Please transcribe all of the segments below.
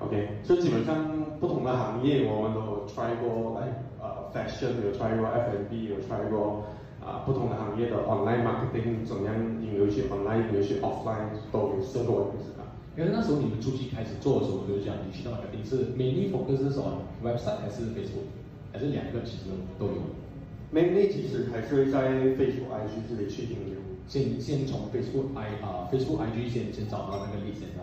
OK，所以基本上不同的行業，我哋都有 try 過，例如誒 fashion，有 try 過 F&B，有 try 過啊不同的行業，嘅 online marketing，點樣用啲 online，用啲 offline，都有，所以我唔知道。因為當時你們初期開始做嘅時候，就係講你去到第一次，你 mainly focus on website，還是 Facebook，還是兩個其實都有。Mainly 其實還是在 Facebook IG 呢度取得先先從 Facebook I 啊 Facebook IG 先先找到那個利先啦。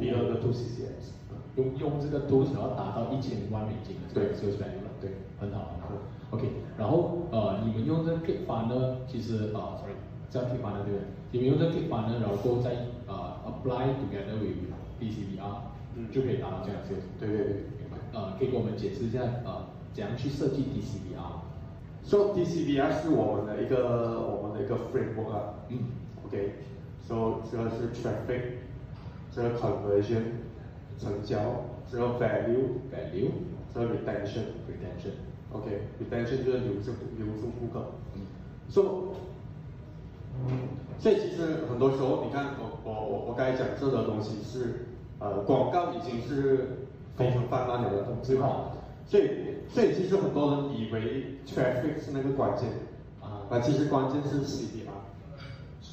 第二個 two c c S 用 2CCS,、嗯、用，用這個 two 想要達到一千萬美金啊，對，收幾百零萬，對，很好，好，OK。然後呃，你們用這個 ClickFunnels 其實啊、呃、sorry 這樣 ClickFunnels 對唔對？你們用這 ClickFunnels 然後再，呃，apply together with TCVR、嗯、就可以達到這這樣嘅、嗯。對對對，對，呃，可以給我們解釋一下，呃，怎樣去設計 TCVR 說、so, TCVR 是我們的一個我們的一個 framework、啊。嗯，OK。So 主要是 traffic。這個 conversion 成交，即、這、係、個、value value，這個 retention retention，ok、okay. retention 就是留住留住顧客。嗯，所、so, 所以其實很多時候，你看我我我我剛才講咗嘅東西是，呃廣告已經是非常泛氾濫嘅東西啦。所以所以其實很多人以為 traffic 是那個關鍵，啊其實關鍵是 CPC。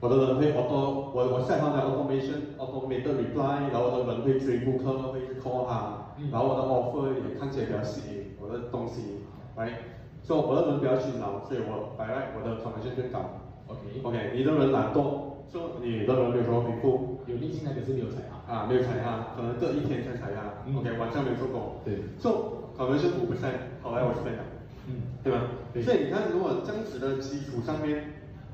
我的人會我我我下方的 automation automated reply，然後我的人會追顧客可以 call 他、嗯、然後我的 offer 也看起來比較吸引，我的東西，所、right? 以、so, 我的人比較勤勞，所以我 by right 我的 commission 更高。OK OK，你的人懶惰，所、so, 以你的人沒有回覆，有啲新來是沒有踩啊,啊沒有踩啊可能隔一天才踩 OK，晚上沒有做 o 好啊，嗯 okay, 過嗯、so, 不不好來我五五拆。嗯，對吧對？所以你看，如果這樣子的基礎上面。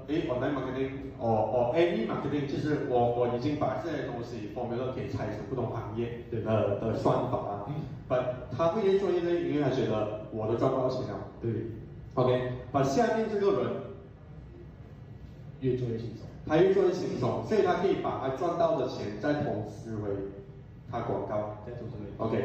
誒、mm -hmm.，我來 marketing，我我誒呢啲 marketing 其實我我已經把呢啲東西放咗去唔同行業對，嘅的，的算法了，把、mm -hmm.，他會越做越累，因為他覺得，我都賺到錢啦。對 OK 把下面這個人、mm -hmm. 越做越輕鬆，他越做越輕鬆，所以他可以把他賺到的錢再投資為他廣告，再投資啲。OK。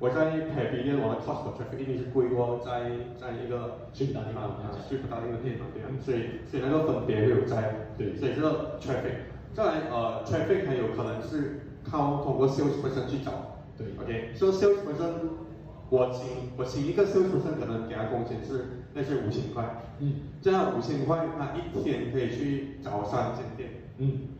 我在 Pavilion，我的 cost of traffic，呢啲是貴過在在一個最大啲間店，最大啲間店，所以所以那個分別別就係，所以這個 traffic，再嚟，呃 traffic，還有可能是靠通過 sales 本身去找對對，OK，對，所以 sales 本身，我請我請一個 sales 本身可能給他工錢是，那是五千塊，嗯，這樣五千塊，他一天可以去找三間店，嗯。嗯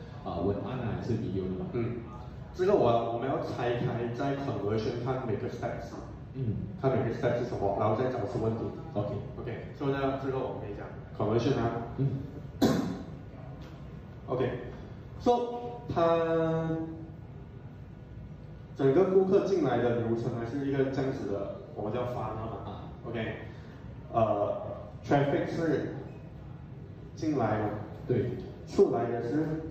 啊，文案還是 video 嘛？嗯，這個我我們要拆開，在 conversion 看每個 steps。嗯，看每個 steps 是什麼，然後再找出問題。OK，OK，所以呢，之後我咪講 conversion 啊。嗯。OK，so 他整個顧客進來的流程，係是一個這樣子的，我們叫 funnel 嘛。啊，OK，呃，traffic 是進來，對，出來的是。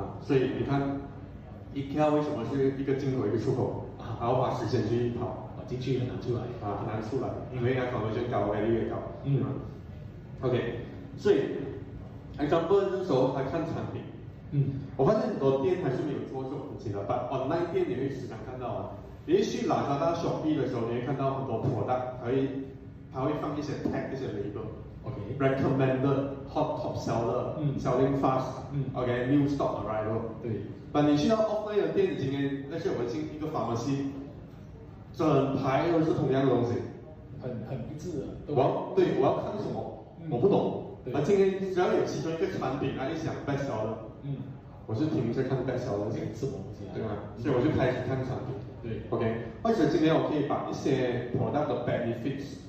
啊、所以你看 IKEA 為什麼是一個進口一個出口？還要花時間去跑，跑、啊、進去也難出來，難、啊、出來，因為佢想搞嘅呢越搞。嗯。OK，、啊、所以 example 的時候，我看產品，嗯，我發現很多店還是沒有做這種，同嘅，但 online 店你會時常看到啊，例如去 Lazada、Shopee 的時候，你會看到很多鋪頭，佢會佢會放一些 tag 一些 label。Okay, recommended, hot top, top seller,、嗯、selling fast.、嗯、okay, new stock arrival. 對，你去到 offline 嘅店子，今天但是我進一個 pharmacy，整排都是同一樣嘅東西。很很一致、啊。我要對，我要看啲什麼、嗯？我不懂。啊，而今天只要有其中一個產品，啊你想 best seller。嗯。我就停下看 seller, 今天是停住看 best seller，寫自我介紹，對嗎、嗯？所以我就開始看產品。對。Okay，或者今天我可以把一些 product 嘅 benefits。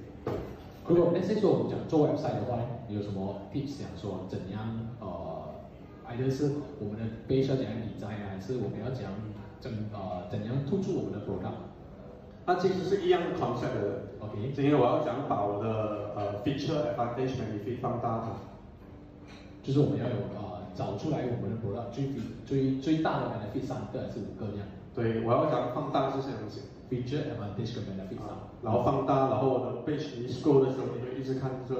如果誒，先講，我們講做 website 的話，你有什麼 tips 想說怎樣？呃係即係，是我們的 feature 怎樣理財啊，還是我們要點怎樣？呃，怎樣突出我們的 product？那其實是一樣的 concept，OK？的、okay. 今天我要講把我的呃 feature advantage 可以放大，就是我們要有呃找出來我們的 product 最最最大的 benefit 三個還是五個這樣。對，我要講放大啲嘢都得。feature advantage benefits 啊，然後放大，嗯、然後我的 page scroll 的時候你就一直看住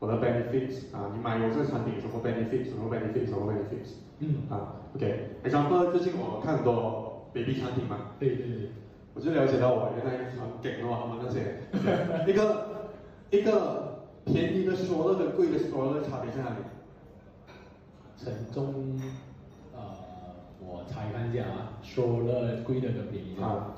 我的 benefits 啊，你買有個產品什麼 benefits，什麼 benefits，什麼 benefits，、啊、嗯，啊 OK example 最近我看很多 baby 產品嘛，嗯、對對對，對，我就瞭解到我原來係好勁喎，阿 m o 那些。嗯、 一個一個便宜的舒樂同貴的舒樂差別在哪裡？陳總、呃，啊，我拆開件啊，舒樂貴的嘅便宜喎。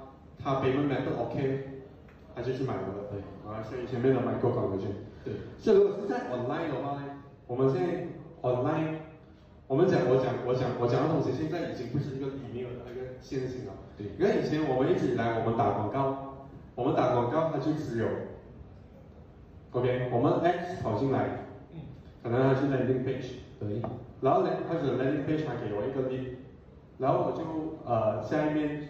他 payment method OK，他就去買我啦，啊，所以前面的買過廣告券。對，所以如果是在 online 的話咧，我們現在、嗯、online，我們講我講我講我講的東西，現在已經不是一個 email 的一個線性了。對，因為以前我們一直來，我們打廣告，我們打廣告，它就只有 OK，我們 X 跑進來，嗯，可能他現在 landing page，對，對，然後呢，佢嘅 landing page，佢給我一個 link，然後我就呃下面。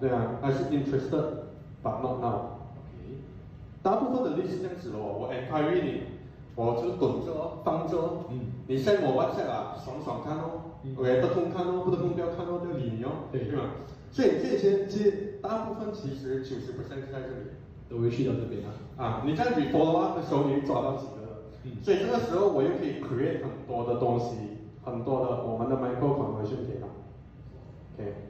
對啊，是 interested but not now。OK，大部分的例子是這樣子哦，我 encourage 你，我就等住咯，放住、嗯啊、咯。嗯。你 send 我 WhatsApp，爽爽看哦，OK 得空看哦，不得空不要看哦。都離你哦，對，係嘛？所以這些這大部分其實其實90 percent 都喺這裡，都會去到這邊啦、啊。啊，你再直播嘅話，佢手尾抓到幾個、嗯，所以這個時候我又可以 create 很多的東西，很多的我們的 micro conversion 給佢啦。OK。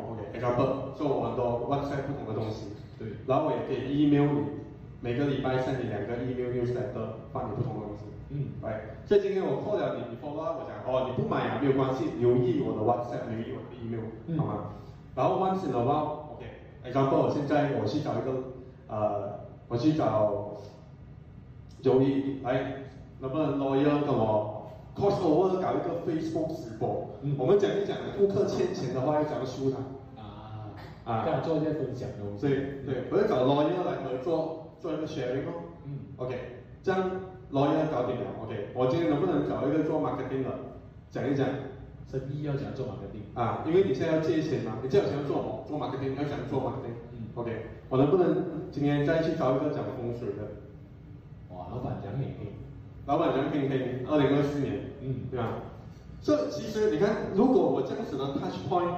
做、so, 我好多 WhatsApp 不同的東西對，對，然後我也可以 email 你，每個禮拜 send 你兩個 email newsletter，發你不同的東西。嗯，係，所以今天我 call 咗你，你 call 我，我講，哦，你不買也、啊、沒有關係，留意我的 WhatsApp，留意我的 email，、嗯、好嗎？然後 Once in a while、okay, 咁我現在我去找一個，呃，我去找有意，係，能不能如來啊，同我 call 我，我搞一個 Facebook 直播，嗯，我們講一講，顧客欠錢的話，要點樣收佢？啊，跟他做一份分享，a r i n g 咯，所、嗯、以找來，所以佢就 lawyer 嚟做做一個 sharing 咯。嗯。O K，將 lawyer 搞定了。O、okay, K，我今天能不能找一個做 marketing 的？講一講。生意要講做 marketing 啊，因為你現在要借錢嘛，你借錢要做做 marketing，要講做 marketing, marketing、嗯、O、okay, K，我能不能今天再去找一個講風水的？哇，老闆講平平，老闆講平平。二零二四年。嗯。對吧？所、嗯、以、so, 其實你看，如果我將此個 touch point。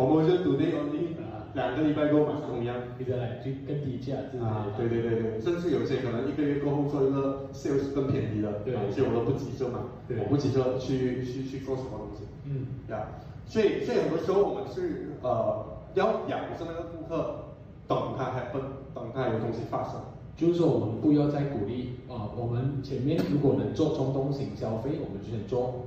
我冇想做呢樣嘢，兩、 嗯、個禮拜過後同樣，一、啊、實來，就更低價，啊，對對對，對，甚至有些可能一個月過後做一個 sales 更便宜了，對、啊，所以我都不急着買，我不急着去去去做什麼東西。嗯，呀、yeah,，所以所以有的時候我們是，呃，要養着那個顧客等他，還不等他有東西發生。就是說我們不要再鼓勵，啊、呃，我們前面如果能做衝動性消費我們就先做。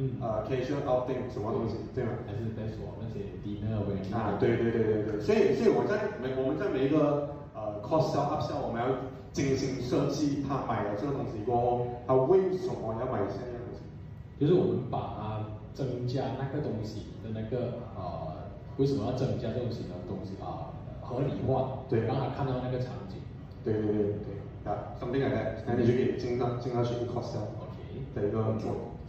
嗯，呃、uh,，casual outing 什麼東西對，對嗎？還是在說那些 dinner a 啊，對對對對對。所以所以我在每，我們在每一個呃 costing up sell，我們要精心設計他買嘅這個東西，過後，他為什麼要買呢樣東西，就是我們把它增加那個東西的那個呃，為什麼要增加這種型的東西啊？合理化，對，讓他看到那個場景。對對對對。啊、yeah, something like that，嗱你就可以去經常經常去 costing up sell、okay.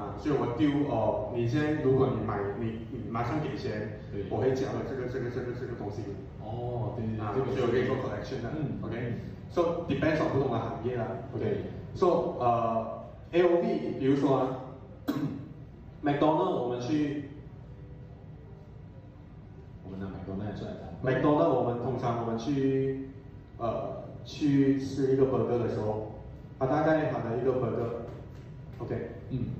啊、所以，我丟哦、呃，你先讀，如、嗯、果你買，你你馬上給錢，我可以交這個這個這個這個個東西。哦，對，啊，所以我可以做 collection、嗯、的，嗯，OK。So depends on 不同的行業啦。OK, okay.So，呃，A O V，譬如講，麥當勞， McDonald's、我們去，我們拿麥當勞嚟做的，麥麥當勞我們、嗯、通常我們去、嗯，呃，去吃一個 burger 的時候，啊，大概可能一個 burger。OK。嗯。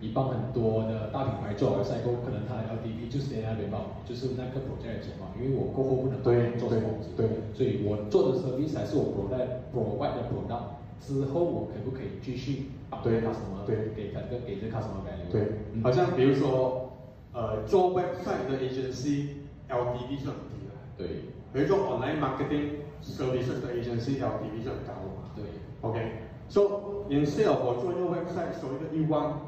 你幫很多的大品牌做完塞工，可能他的 l d b 就是點樣點報，就是那個報價嘅情況。因為我過後不能，能做公司，對，所以我做的 service 才是我國內國外的管道。之後我可不可以繼續？啊，對，靠什麼？對，給佢一個，給佢靠什麼概念好像比如說，嗯、呃，做 website 的 a g e n c y l d b 就很低啦。對，比如說做 online marketing service 的 agency，LDP 就高嘛。對，OK，so、okay. instead 我做一個 website，所以佢 ewan。